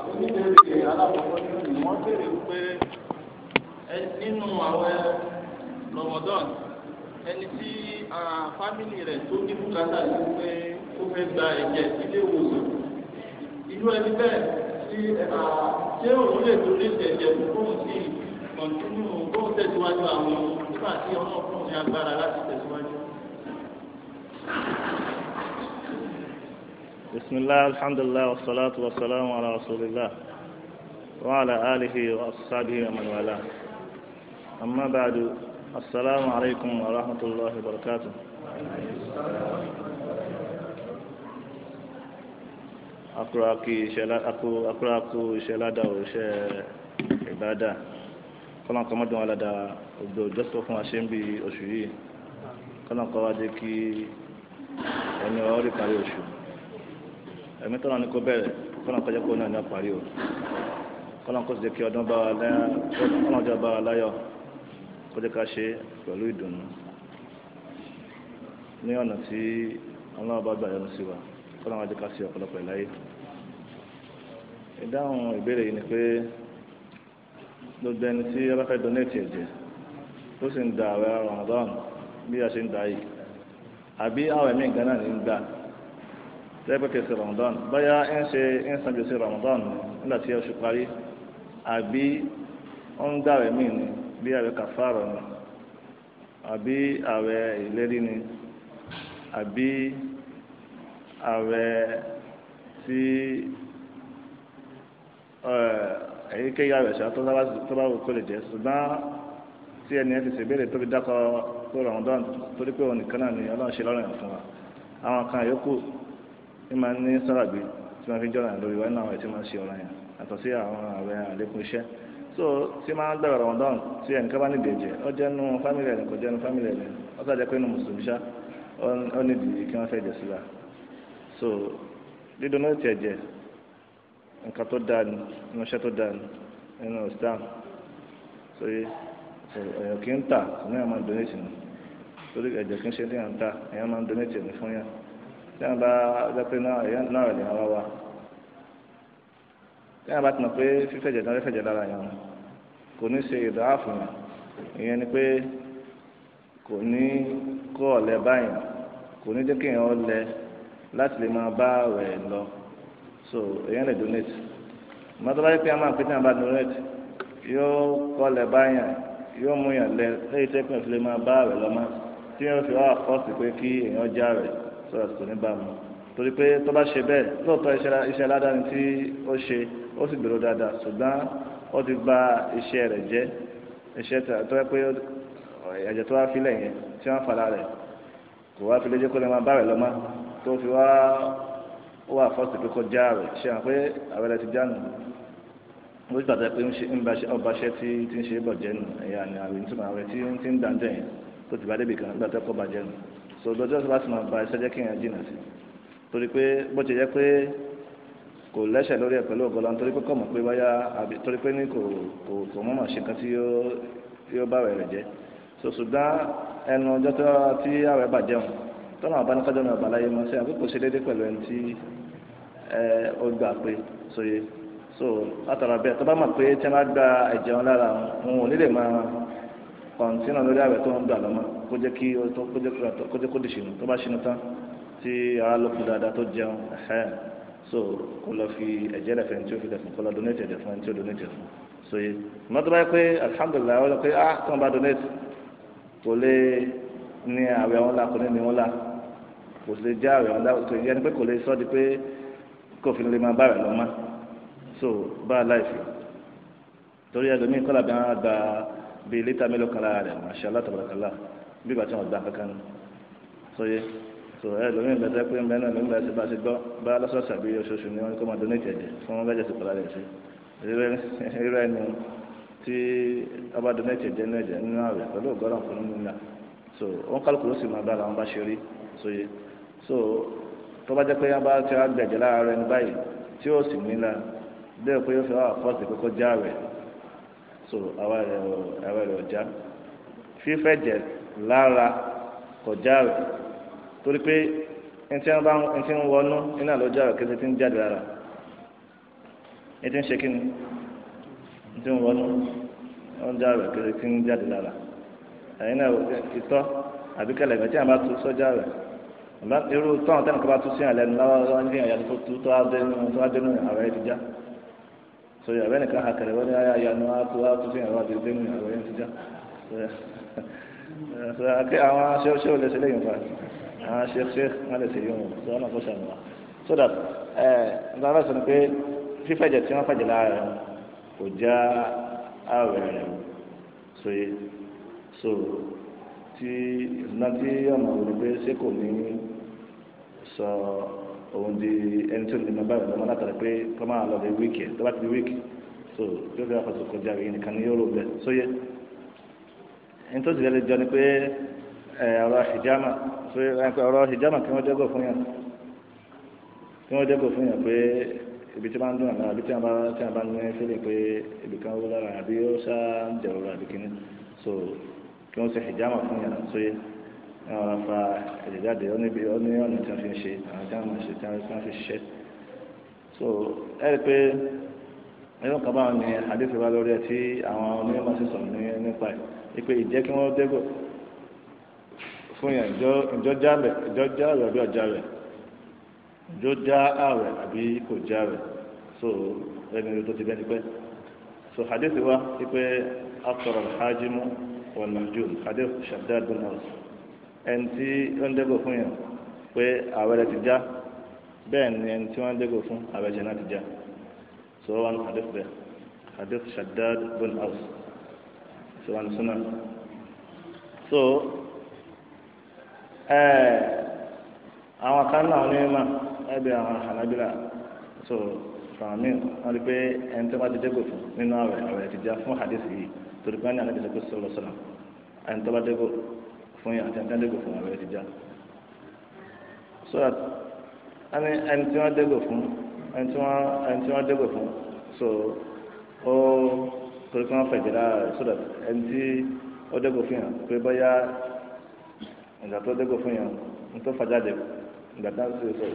àwọn oníbèrè alákọ̀ọ́kọ́ nínú wọn béèrè wípé nínú àwọn lọ́mọdọ́n ẹni tí fámìlì rẹ̀ tó ní bùkátà ní pé ó fẹ́ gba ẹ̀jẹ̀ sílé ìwòsàn irú ẹni bẹ́ẹ̀ tí ṣé òun lè torí ẹ̀jẹ̀ fún sí kọ̀ǹtínú kó tẹ̀síwájú àwọn nígbà tí ọlọ́ọ̀kùnrin agbára láti tẹ̀síwájú. بسم الله الحمد لله والصلاة والسلام على رسول الله وعلى آله وأصحابه ومن والاه أما بعد السلام عليكم ورحمة الله وبركاته أقرأ أقرأ شلا أقرأ شلا دا عبادة kọlọn kọ mọdún alada ọdọ ọjọsọ fún wa ṣe ń bi oṣù yìí kọlọn kọ wa jẹ kí ẹni ọ rí parí oṣù. ẹ̀mí tọ́nà ni kò bẹ̀rẹ̀ kọ́nà kọjá kó náà ní àparí o kọ́nà kó sì jẹ́ kí ọdún bá wa láyọ̀ kọ́nà ọjọ́ bá wa láyọ̀ kó jẹ́ ká ṣe pẹ̀lú ìdùnnú ní ọ̀nà tí ọlọ́run bá gbà yọnu sí wa kọ́nà wọn ká ṣe ọ̀pọ̀lọpọ̀ láyé. ìdáhùn ìbéèrè yìí ni pé gbogbo ẹni tí ọba fẹ́ donate ẹ̀jẹ̀ ó sì ń da àwẹ̀ Ramadan bí a ṣe ń da yìí àbí àwẹ̀ míì tẹ́gbẹ́kẹ̀ sí Ramadan báyá ń ṣe ń san Ramadan nígbà tí oṣù parí àbí ó ń dàwẹ̀ ni bí àwẹ̀ kàfàrọ̀ ni àbí àwẹ̀ ìlérí ni àbí àwẹ̀ tí èyíkéyìí àwẹ̀ ṣá tó bá kó lè ṣùgbọ́n tí ẹni ẹ ti tó fi Ramadan torí pé òun nìkan náà ni Ọlọ́run ṣe lọ́rùn ẹ̀ tí máa ní sáràgbé tí máa fi jọ́ra lórí wa nínú àwọn tí máa ṣe ọ̀ràn yẹn àtọ̀ sí àwọn àwẹ̀ àlékún iṣẹ́ so tí máa ń gbẹ̀rọ̀ Ramadan tí ẹnìkan bá ní ìbẹ̀jẹ̀ ó jẹ́ nu fámìlì ẹ̀rìn kò jẹ́ nu fámìlì ẹ̀rìn ó sàjẹ́ pé nu mùsùlùmí ṣá ó ní ìdí kí wọ́n fẹ́ jẹ̀ síra so dídùn náà ti ẹ̀jẹ̀ nǹkan tó dáa ni inú iṣẹ́ tó dáa ni nínú Islam so ẹ̀yọ̀ kì í ń tà ní máa ń donate ni torí ẹ̀jẹ̀ kì í ṣe ní à ń tà ẹ̀yàn máa ń donate ni fún yàn. tí wọn bá lọ́pẹ́ náà rẹ̀ làwọn wá tí wọn bá ti pé fífẹ̀jẹ̀ náà fẹ̀jẹ̀ lára yẹn kò ní ṣe ìdáhà fún ni pé kò ní kó ọ̀lẹ báyìí kò ní jẹ́ kí èèyàn ọ̀lẹ láti lè máa bá rẹ̀ lọ so èèyàn lè donate mọ́tò báyìí pé a máa pé tí bá donate yóò kọ́ ọ̀lẹ báyìí yóò mú yàn lẹ lẹ́yìn máa bá fi wá sọ̀rọ̀ sọ̀rọ̀ níbàámu torí pé tó bá ṣe bẹ́ẹ̀ lóòótọ́ iṣẹ́ aládàáni tí ó ṣe ó sì gbèrò dáadáa ṣùgbọ́n ó ti bà iṣẹ́ rẹ̀ jẹ́ iṣẹ́ tó yẹ pé ẹ̀jẹ̀ tó wá filẹ̀ yẹn tí wọ́n fara rẹ̀ kò wá filẹ̀ jẹ́ kó lè máa bá rẹ̀ lọ́mọ tó fi wá ó wà fọ́ọ̀sì pé kó já rẹ̀ ṣe hàn pé àwẹ̀rẹ̀ ti já ó sì pàtàkì pé ọba iṣẹ́ tí ń ṣe é bọ̀ jẹ́ ẹ̀yà ni àwẹ̀ tí ń dà jẹ́ yẹn tó ti bá débì kan gbàtẹ́kọ̀ọ́ bàjẹ́ nù so lọ́jọ́ bá ti máa ba iṣẹ́ jẹ́ kí èèyàn jìnnà sí torí pé bó ti yẹ pé kò lẹ́sẹ̀ lórí ẹ̀ pẹ̀lú ọ̀gọ́lá nítorí pé kò mọ̀ pé báyà àbí torí pé ní kò kò kò mọ̀mọ̀ ṣe kan tí yóò bá rẹ̀ jẹ́ so ṣùgbọ́n ẹnu ọjọ́ tí àwẹ̀ bà jẹun tọ́nà àbánikọ́jọ́ ní ọ̀bàláyé mọ́ sí àkókò ṣe déédéé pẹ̀lú ẹni tí ó gbà pé sóye so látara bẹ́ẹ̀ tó bá mọ̀ pé tí wọ́n bá gba ẹ̀jẹ̀ wọn lára wọn ò ní máa kọ̀ǹtínà lórí àwẹ̀ tó ń gbà lọ́mọ kó jẹ́ kí kó jẹ́ kó di ṣìnà tó bá ṣìnà tán tí ara ló kú dáadáa tó jẹun ẹ̀hẹ́ so kó lọ fi ẹ̀jẹ̀ rẹ̀ fẹ́ni tí ó fi dẹ̀fún kó lọ donate ẹ̀jẹ̀ fún ẹni tí ó donate fún so yé mọ́tò báyìí pé alhamdulillah wọ́n lọ pé ah tó ń bá donate kò lè ní àwẹ̀ wọn la kò ní ní wọn la kò lè já àwẹ̀ wọn la kò yẹ ni pé kò lè sọ́ di pé kò fi lè máa bá rẹ̀ lọ́mọ so bá a láì fi torí ẹlòmíì kọ́lá bí wọ́n á gba bíi lítà mélòó kan lára rẹ̀ masha Allah tabarakallah bí bàtí wọn gbà kankan sóye so ẹ lómi ìgbà tẹ́ pé ń bẹ náà lómi ìgbà tí bá ti gbọ́ bá lọ́sọ̀ọ̀sẹ̀ àbí oṣooṣù ni wọ́n kọ́ máa donate ẹ̀jẹ̀ fún wọn lẹ́jẹ̀ sí pẹ̀lú àrẹ̀ sí rírọ ẹni tí ọba donate ẹ̀jẹ̀ nínú ẹ̀jẹ̀ nínú àwẹ̀ pẹ̀lú ògọ́rọ̀ nǹkan nínú ìlà so wọn kálukú ló sì máa bá làwọn bá ṣe rí sóye so tó bá jẹ́ pé wọn bá ti wá gbẹ̀jẹ̀ lára ẹni báyìí tí ó sì nílà bẹ́ẹ̀ pé ó fi wá àfọ́sì pé kó já rẹ̀ so àwa rẹ̀ ọ̀já fífẹ̀jẹ̀ lára kọjá rẹ̀ torí pé ntí wọn bá ntí wọn wọnú iná lọ́jọ́ rẹ̀ kété tí ń jáde lára ètí ń ṣe ntí wọn wọnú lọ́jọ́ rẹ̀ kété tí ń jáde lára ẹ̀yin náà ìtọ́ àbí kẹlẹ̀ ìgbà wọn bá tu sọ́jà rẹ̀ irú tọ́hún tẹ́nu kí wọ́n bá tu sí àlẹ́ nu láwọn ní ìyàtọ̀ tó tu tó adé nu tó adé nu ààrẹ ti so yàrá ẹnì kan àkàrẹ wọn ni ayé àyànnú àtú àtú sí àwọn àti ìdẹ́nu ìyàwó yẹn ti já àwọn aṣẹ́wọ́ṣẹ́ olè sílẹ̀ yìí fa àwọn aṣẹ́wọ́ṣẹ́ wọn lè ṣe yìí wọn So wọn kò sàmì wa so that ẹ eh, nǹkan eh, so sọ ni pé fífẹ̀jẹ̀ tí wọ́n fẹ̀jẹ̀ láàrẹ̀ wọn kò já ààrẹ rẹ̀ so yẹ so tí nanti tí ọmọ òun ni pé ṣé So, òun di ẹni tó lè máa bá ìgbà máa látàrí pé kọ́ máa lọ lè wíìkì tó bá ti di wíìkì so yóò fi àkọsọ kọjá rẹ̀ nìkan ni yóò rò bẹ́ẹ̀ sóyẹ. ẹni tó ti lè jọ ni pé ọ̀rọ̀ hijama ọ̀rọ̀ hijama kí wọ́n dẹ́gọ̀ fún yàn kí wọ́n dẹ́gọ̀ fún yàn pé ibi tí wọ́n ń dún àná àbí tí wọ́n bá ń ní fílẹ̀ pé ibi kan wó lára àbí ó ṣáà ń jẹ̀rọ̀ àbí kìíní so kí wọ́n ṣe hijama fún yàn sóyẹ. So, àwọn afa àjẹjáde ó níbi ó ní ọ̀nà tí wọ́n fi ń ṣe àwọn tí wọ́n máa ṣe tí wọ́n fi ṣiṣẹ́ so ẹ rí i pé nínú kan báwọn ni àdéhùn wa lórí ẹ tí àwọn onímọ̀ sì sọ̀rọ̀ nípa ẹ̀ ipe ìjẹ́ kí wọ́n dégò fún yẹn ìjọ já rẹ̀ àbí ọjà rẹ̀ ìjọ já àwẹ̀ àbí kò já rẹ̀ so ẹni tó ti bẹ́ẹ̀ tipẹ́ so hadith wa ipe asọ̀rọ̀ hajimu wal mahjum hadith shaddad bin ọ̀sùn ẹni tí ó ń dégò fún yàn pé àwẹ̀ rẹ̀ já bẹ́ẹ̀ ni ẹni tí wọ́n ń dégò fún àwẹ̀ náà ti já sọ wọn hadith bẹ́ẹ̀ hadith shaddad bin aus sọ wọn sunnah so ẹ̀ẹ́ àwọn kan náà ní ma ẹ̀bẹ̀ àwọn hanabila so fàmí wọn rí pé ẹni tí wọ́n ti dégò fún nínú àwẹ̀ àwẹ̀ ti já fún hadith yìí torí pé wọn ní àná ti sọ pé sọlọ sọlọ ẹni tó bá dégò. fún àti fún so that ẹni ẹni tí wọ́n fún ẹni tí wọ́n ẹni tí wọ́n fún so ó torí wọ́n fẹ̀jẹ̀ so that ẹni tí ó fún yàn pé bóyá ìgbà tó fún yàn ń tó fàjáde ìgbà tá a sì sọ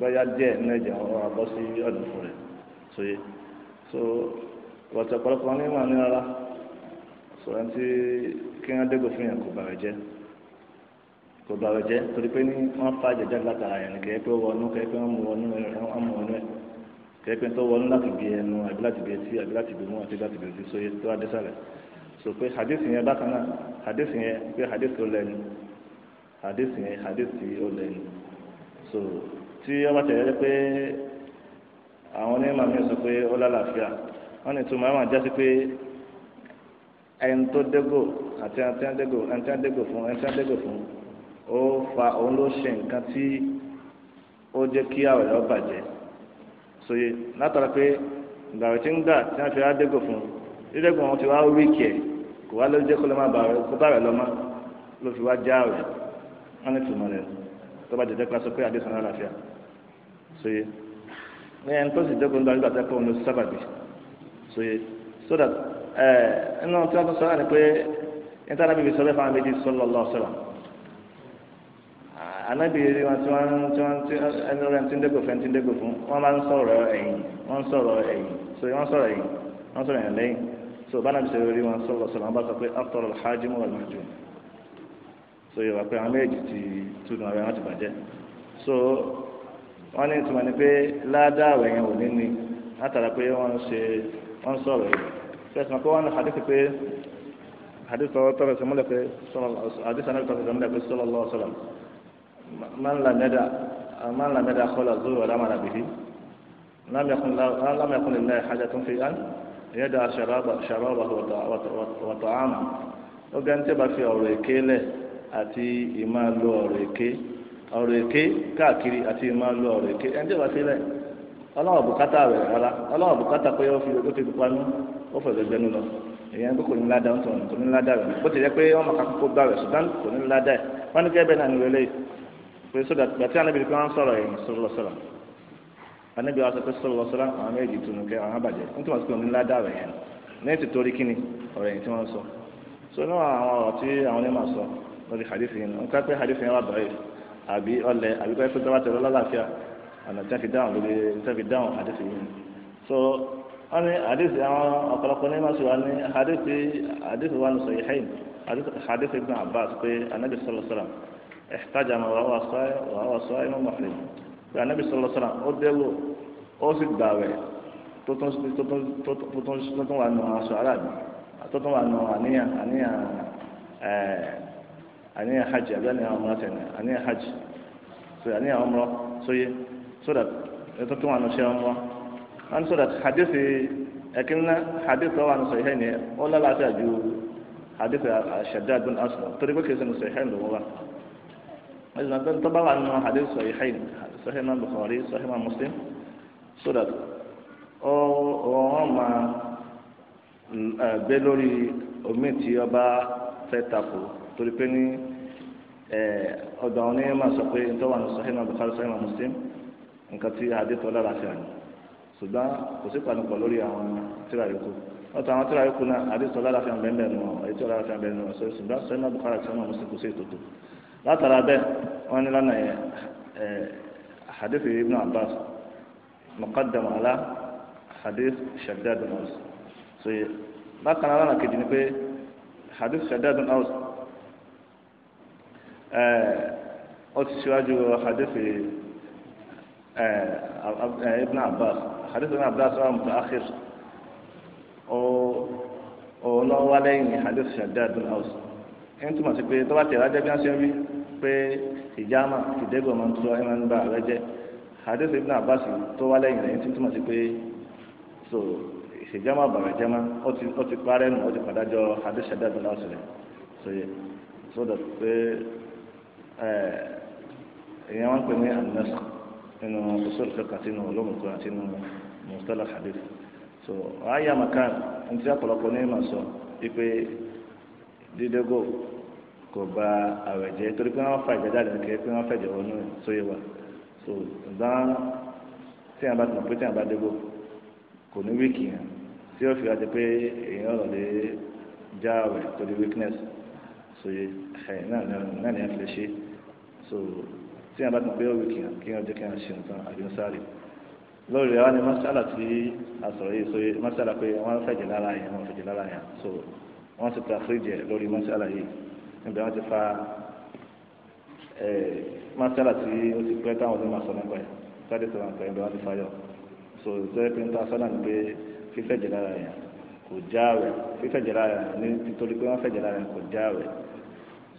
bóyá díẹ̀ ya ẹ̀jẹ̀ wọn wà bọ́ sí ọ̀dùn fún rẹ̀ so ní ìmọ̀ ní so ẹni tí. kí wọ́n dẹ́gbẹ́ fún yàn kò bàrẹ̀ jẹ́ kò bàrẹ̀ jẹ́ torí pé ní wọ́n fa jẹjẹ́ látara yẹn kẹ́ pé wọnú kẹ́ pé wọ́n mú wọnú wọ́n mú wọnú ẹ̀ kẹ́ pé tó wọnú láti bí ẹnu àbí láti bí etí àbí láti bí mú àti láti bí ojú sóye tó adé sálẹ̀ so pé hadith yẹn bákan náà hadith yẹn pé hadith tó lẹ́nu hadith yẹn hadith tí ó lẹ́nu so tí wọ́n bá tẹ̀lé pé àwọn onímọ̀ mi sọ pé ó lálàáfíà wọ́n ní ìtumọ̀ àwọn àjásí pé ẹni tó dégò àti ẹni tó dégò ẹni tó dégò fún ẹni tó dégò fún ó fa òun ló ṣe nǹkan tí ó jẹ́ kí àwẹ̀ lọ bàjẹ́ sòye látara pé gbàrú tí ń gbà tí wọ́n fi wá dégò fún dídégò wọn ti wá wíìkì ẹ̀ kò wá ló jẹ́ kó lọ́ máa bàrẹ̀ kó bàrẹ̀ lọ́ máa ló fi wá já àwẹ̀ wọn ní tùmọ̀ rẹ̀ tó bá jẹjẹ́ pàṣẹ pé àdéhùn aláàfíà sòye ẹni tó sì dégò ń gbà nígbà ló sábàbí sòye so that inú tí wọ́n tún sọ ni pé níta náà bíbi sọ́lẹ̀ fún àwọn méjì sọ́lọ́ lọ́ọ́ sọ́lọ́ anabi eré wọn tí wọ́n tí wọ́n tí ẹni rẹ̀ ti ń dẹ́gbò fún ẹni ti ń dẹ́gbò fún wọ́n máa ń sọ̀rọ̀ ẹ̀yìn wọ́n ń sọ̀rọ̀ ẹ̀yìn so wọ́n sọ̀rọ̀ ẹ̀yìn wọ́n sọ̀rọ̀ ẹ̀yìn lẹ́yìn so bá nàbì sọ̀rọ̀ eré wọn sọ̀rọ̀ sọ̀rọ̀ wọ́n bá sọ pé after all hajj mu wàlú jù so yorùbá pé àwọn méjì ti túnú ara wọn ti bàjẹ́ so wọ́n ní ìtumọ̀ ni pé ládàá ẹ̀yìn òní ni látara pé wọ́n ń ṣe wọ́n ń sọ̀rọ̀ sẹ́sìn kó wọn hadith pé hadith tọ́wọ́ tọ́wọ́ sọ múlẹ̀ pé hadith anábì tọ́wọ́ sọ múlẹ̀ pé sallallahu alaihi wasallam man lamẹ́dà man lamẹ́dà kọ́lá zoro wà lámàlà bìbí lam yakun lillahi hajatun fi an yada sharabahu wa ta'amahu ó gẹ́ ní bá fi ọ̀rọ̀ èké lẹ̀ àti ìmáa lo ọ̀rọ̀ èké ọ̀rọ̀ èké káàkiri àti ìmáa lo ọ̀rọ̀ èké ẹni tí bá fi lẹ̀ ọlọ́wọ́ bùkátà rẹ̀ rárá ọlọ́wọ́ bùkátà pé ó fi ó fi panú ó fẹ̀rẹ̀ gbẹnu lọ èyàn pé kò ní ládàá ńtọ̀ kò ní ládàá rẹ̀ bó ti jẹ́ pé wọ́n máa kókó gbà rẹ̀ ṣùgbọ́n kò ní ládàá ẹ̀ wọ́n ní kí ẹbẹ̀ náà ní wọlé pé sódà gbàtí àná bìrì pé wọ́n sọ̀rọ̀ ẹ̀yìn sọ̀rọ̀ sọ̀rọ̀ ànábì wa sọ pé sọ̀rọ̀ sọ̀rọ̀ àwọn méjì tunu kẹ àwọn àbàjẹ́ nítorí wọn sì kò ní ládàá rẹ̀ yẹn ní ti torí kíni ọ̀rọ̀ ẹ̀yìn tí wọ́n sọ so náà àwọn ọ̀rọ̀ tí àwọn onímọ̀ sọ lórí hadith yẹn nǹkan pé hadith yẹn wà báyìí àbí ọlẹ̀ àbí pé pé tó bá tẹ̀lé lọ́láfíà ọ̀nà tí wọ́n fi dáhùn lórí tí wọ́n fi dáhùn àdéhùn yìí so wọ́n ní àdéhùn àwọn ọ̀pọ̀lọpọ̀ ní máa sọ wá ní àdéhùn àdéhùn wa ní sọ yìí hẹ́yìn àdéhùn ibn Abbas pé anabi sallallahu alaihi wasallam ihtajama àmọ́ wàhálà sọ́ọ́ wàhálà sọ́ọ́ inú mọ̀fìlì pé anabi sallallahu alaihi wasallam ó dẹ́wò ó sì gbààwẹ̀ tó tún wà nù aṣọ aráàlú tó tún wà nù àníyàn àníyàn eh, àníyàn hajj àbí àníyàn ọmọ àtẹnì àníyàn hajj àníyàn ọmọ sóyè so that ètò tó wà ní ṣe ọmọ wọn so that hadith ẹ̀kínná hadith tó wà ní sọ̀hẹ́ ni ó lálàáfíà ju hadith Shaddad bin Aslam torí pé kìí sẹ́nu sọ̀hẹ́ ló wà wọ́n sọ pé tó bá wà nínú hadith sọ̀hẹ́ sọ̀hẹ́ máa Bukhari sọ̀hẹ́ máa Muslim so that ó wọ́n máa gbé lórí omi tí ọba fẹ́ tako torí pé ní ọ̀dọ̀ àwọn onímọ̀ sọ pé tó wà ní sọ̀hẹ́ máa Bukhari sọ̀hẹ́ Muslim nǹkan tí adétọ́lá láti àná ṣùgbọ́n kò sí panupọ̀ lórí àwọn tíra yòókù wọ́n tàwọn tíra yòókù náà adétọ́lá láti àná bẹ́ẹ̀ nù adétọ́lá láti àná bẹ́ẹ̀ nù ọ̀sẹ̀ ṣùgbọ́n sẹ́nà bukara tí wọ́n mú sí ètòtò látara bẹ́ẹ̀ wọ́n ní lánàá yẹn hadith ibn abbas muqaddam ala hadith shaddad bin aus so bákan náà kejì ni pé hadith shaddad bin aus ó ti ṣíwájú hadith ibn abbas hadith ibn abbas wa mutaakhir ó ó lọ wá lẹ́yìn hadith shaddad bin aus ẹni túmọ̀ sí pé tọ́ba tẹ̀lé ajẹ́ bí wọ́n ṣe ń rí pé ìjàmà ìdẹ́gbọ̀n máa ń tún ẹ̀ máa ń bá ààrẹ jẹ́ hadith ibn abbas tó wá lẹ́yìn rẹ̀ ẹni túmọ̀ sí pé so ìṣèjàmà bàrẹ̀jẹ́mà ó ti parẹ́ nù ó ti padàjọ́ hadith shaddad bin aus rẹ̀ so yẹ so that pé ẹ̀ ẹ̀yẹn wọn pè ní anasco nínú usul fiqh àti nínú ulum al-Qur'an hadith so àyà makan ntí ọ̀pọ̀lọpọ̀ ní ìmọ̀ sọ wípé dídógò kò ba àwẹ̀ jẹ́ torí pé wọ́n fa ìjẹ́jáde nìkẹ́ pé wọ́n fẹ̀jẹ̀ wọnú sóyè wa so ìgbọ́n tí a bá tún pé tí a bá dógò kò ní wíìkì yẹn tí ó fi wá di pé èèyàn ọ̀rọ̀ lè já àwẹ̀ torí weakness sóyè ẹ̀ náà ní a fi lè ṣe so tí a bá ti gbé òwe kìyàn kíyàn jẹ́ kíyàn ṣe nǹkan àbí lórí àwọn ni masala tí a sọ̀rọ̀ yìí sóye masala pé wọ́n fẹ̀jẹ̀ lára yẹn wọ́n fẹ̀jẹ̀ lára yẹn so wọ́n ti ta fíríjẹ̀ lórí masala yìí níbi wọ́n ti fa masala tí ó ti pẹ́ táwọn ọdún máa sọ nípa ẹ̀ sáré sọ̀rọ̀ nípa ẹ̀ bí wọ́n ti fa so ìtọ́jú pé ń ta sọ́nà ni pé fífẹ̀jẹ̀ lára yẹn kò já rẹ̀ fífẹ̀jẹ̀ lára yẹn ní nítorí pé wọ́n fẹ̀jẹ̀ lára yẹn kò já rẹ̀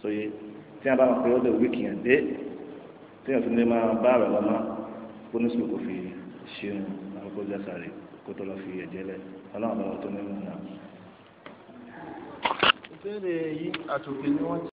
sóye tí a bá mọ̀ pé ó lè wíkì yẹn dé téèyàn tún lè máa bá àrà lọ́mọ kó ní sùn kò fi ṣeun àwọn kó jẹ́ sàrè kó tó lọ fi ẹ̀jẹ̀ lẹ̀ ọlọ́run bá wọn tó ní ìmọ̀ náà. ìbéèrè yìí àtòkè ni wọ́n ti.